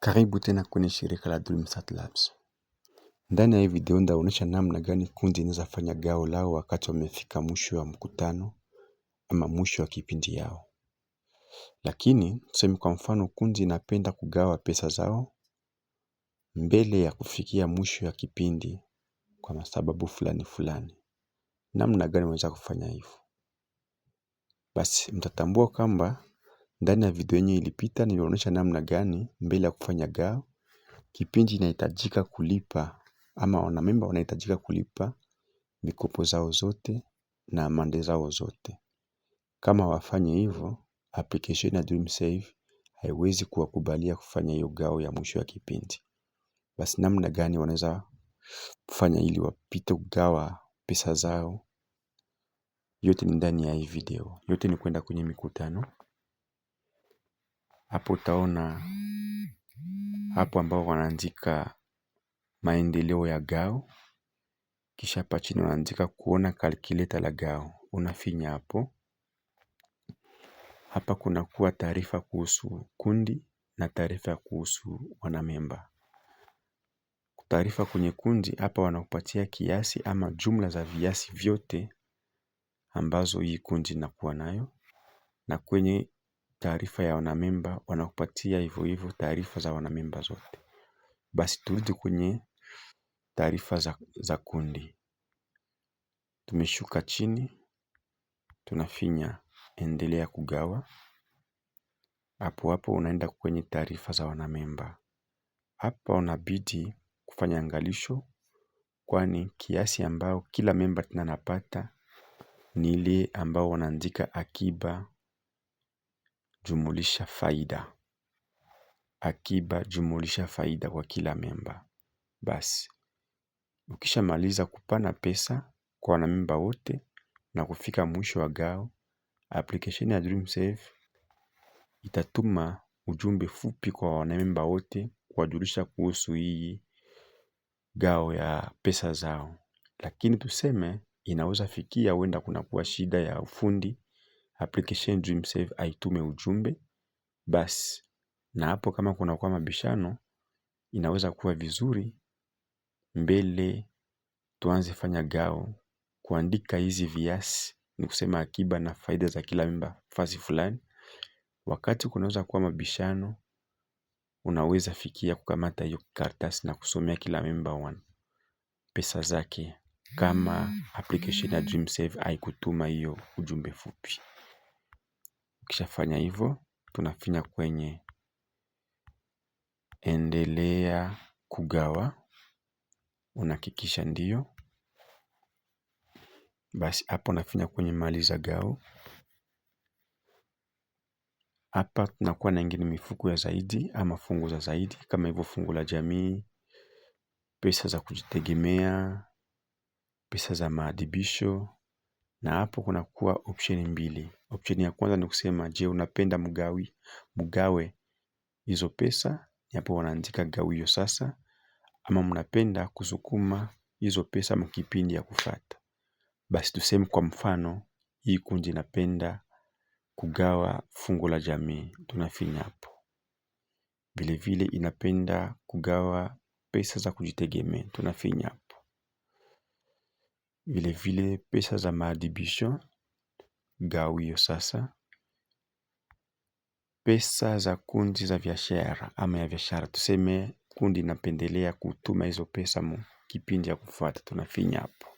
Karibu tena kwenye shirika la DreamStart Labs. Ndani ya hii video ndaonyesha namna gani kundi inaweza fanya gao lao wakati wamefika mwisho wa mkutano ama mwisho wa kipindi yao. Lakini tuseme kwa mfano kundi inapenda kugawa pesa zao mbele ya kufikia mwisho ya kipindi kwa masababu fulani fulani. Namna gani unaweza kufanya hivyo? Basi mtatambua kwamba ndani ya video yenye ilipita nilionyesha namna gani mbele ya kufanya gao Kipindi inahitajika kulipa ama wanamemba wanahitajika kulipa mikopo zao zote na amande zao zote. Kama wafanye hivo, application ya DreamSave haiwezi kuwakubalia kufanya hiyo gao ya mwisho ya kipindi. Basi namna gani wanaweza kufanya ili wapite kugawa pesa zao. Yote ni ndani ya hii video. Yote ni kuenda kwenye mikutano hapo utaona hapo ambao wanaandika maendeleo ya gao, kisha hapa chini wanaandika kuona calculator la gao, unafinya hapo. Hapa kuna kuwa taarifa kuhusu kundi na taarifa kuhusu wanamemba. Taarifa kwenye kundi hapa wanakupatia kiasi ama jumla za viasi vyote ambazo hii kundi inakuwa nayo, na kwenye taarifa ya wanamemba wanakupatia hivyo hivyo taarifa za wanamemba zote. Basi turudi kwenye taarifa za kundi. Tumeshuka chini, tunafinya endelea kugawa. Hapo hapo unaenda kwenye taarifa za wanamemba. Hapa unabidi kufanya angalisho kwani kiasi ambao kila memba tena anapata ni ile ambao wanaandika akiba jumulisha faida. Akiba jumulisha faida kwa kila memba. Basi, ukishamaliza kupana pesa kwa wanamemba wote na kufika mwisho wa gao, application ya DreamSave itatuma ujumbe fupi kwa wanamemba wote kuwajulisha kuhusu hii gao ya pesa zao. Lakini tuseme inaweza fikia huenda kunakuwa shida ya ufundi application DreamSave aitume ujumbe basi, na hapo kama kunakuwa mabishano inaweza kuwa vizuri mbele tuanze fanya gao kuandika hizi viasi ni kusema akiba na faida za kila mimba fasi fulani. Wakati kunaweza kuwa mabishano, unaweza fikia kukamata hiyo karatasi na kusomea kila one pesa zake, kama application ya DreamSave haikutuma hiyo ujumbe fupi. Ukishafanya hivo, tunafinya kwenye endelea kugawa. Unahakikisha ndio Basi hapo nafinya kwenye maliza gao. Hapa tunakuwa na ingine mifuko ya zaidi ama fungu za zaidi. Kama hivyo fungu la jamii, pesa za kujitegemea, pesa za maadhibisho, na hapo kuna kuwa option mbili. Option ya kwanza ni kusema je, unapenda mgawi mgawe hizo pesa, hapo wanaandika gawio sasa, ama mnapenda kusukuma hizo pesa mkipindi ya kufata. Basi tuseme kwa mfano hii kundi napenda kugawa fungu la jamii, tunafinya hapo. Vile vile inapenda kugawa pesa za kujitegemea, tunafinya hapo vile vile pesa za maadhibisho gawio sasa, pesa za kundi za biashara ama ya biashara, tuseme kundi inapendelea kutuma hizo pesa mu kipindi ya kufuata, tunafinya hapo,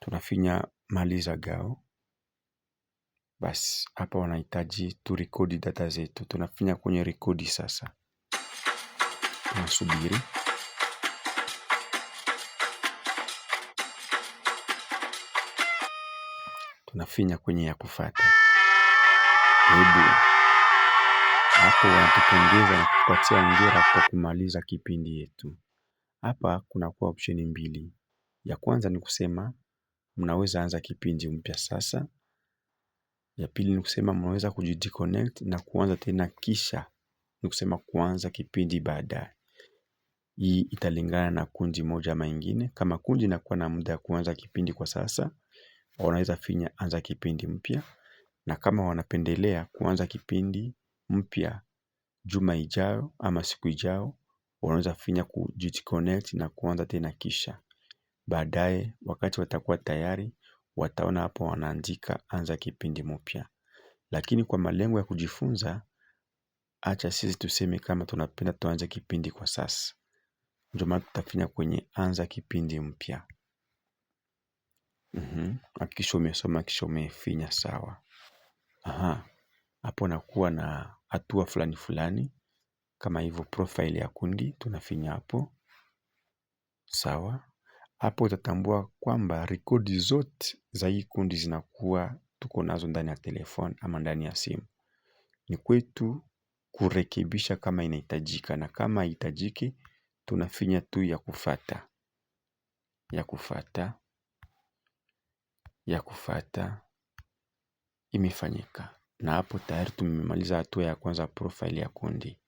tunafinya maliza gao. Basi hapa wanahitaji turekodi data zetu, tunafinya kwenye rekodi sasa, tunasubiri tunafinya kwenye ya kufata. Hebu hapo wanatupongeza na kutupatia hongera kwa kumaliza kipindi yetu. Hapa kunakuwa option mbili, ya kwanza ni kusema mnaweza anza kipindi mpya sasa, ya pili ni kusema mnaweza kujidisconnect na kuanza tena, kisha ni kusema kuanza kipindi baadaye. Hii italingana na kundi moja ama ingine. Kama kundi inakuwa na muda ya kuanza kipindi kwa sasa wanaweza finya anza kipindi mpya na kama wanapendelea kuanza kipindi mpya juma ijayo ama siku ijayo wanaweza finya kujidisconnect na kuanza tena kisha baadaye wakati watakuwa tayari wataona hapo wanaandika anza kipindi mpya lakini kwa malengo ya kujifunza acha sisi tuseme kama tunapenda tuanze kipindi kwa sasa ndio maana tutafinya kwenye anza kipindi mpya. Mhm. Hakikisha umesoma kisha umefinya sawa. Hapo nakuwa na hatua fulani fulani. Kama hivo profile ya kundi tunafinya hapo. Sawa. Hapo utatambua kwamba rekodi zote za hii kundi zinakuwa tuko nazo ndani ya telefoni ama ndani ya simu. Ni kwetu kurekebisha kama inahitajika na kama haihitajiki tunafinya tu ya kufuata. Ya kufuata ya kufata imefanyika na hapo tayari tumemaliza hatua ya kwanza profile ya kundi.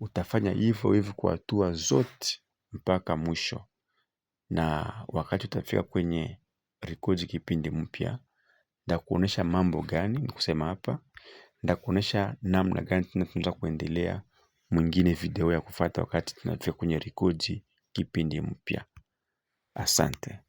Utafanya hivyo hivyo kwa hatua zote mpaka mwisho na wakati utafika kwenye record kipindi mpya nitakuonesha mambo gani nikusema hapa nitakuonesha namna gani tena tunaweza kuendelea mwingine video ya kufata wakati tunafika kwenye record kipindi mpya asante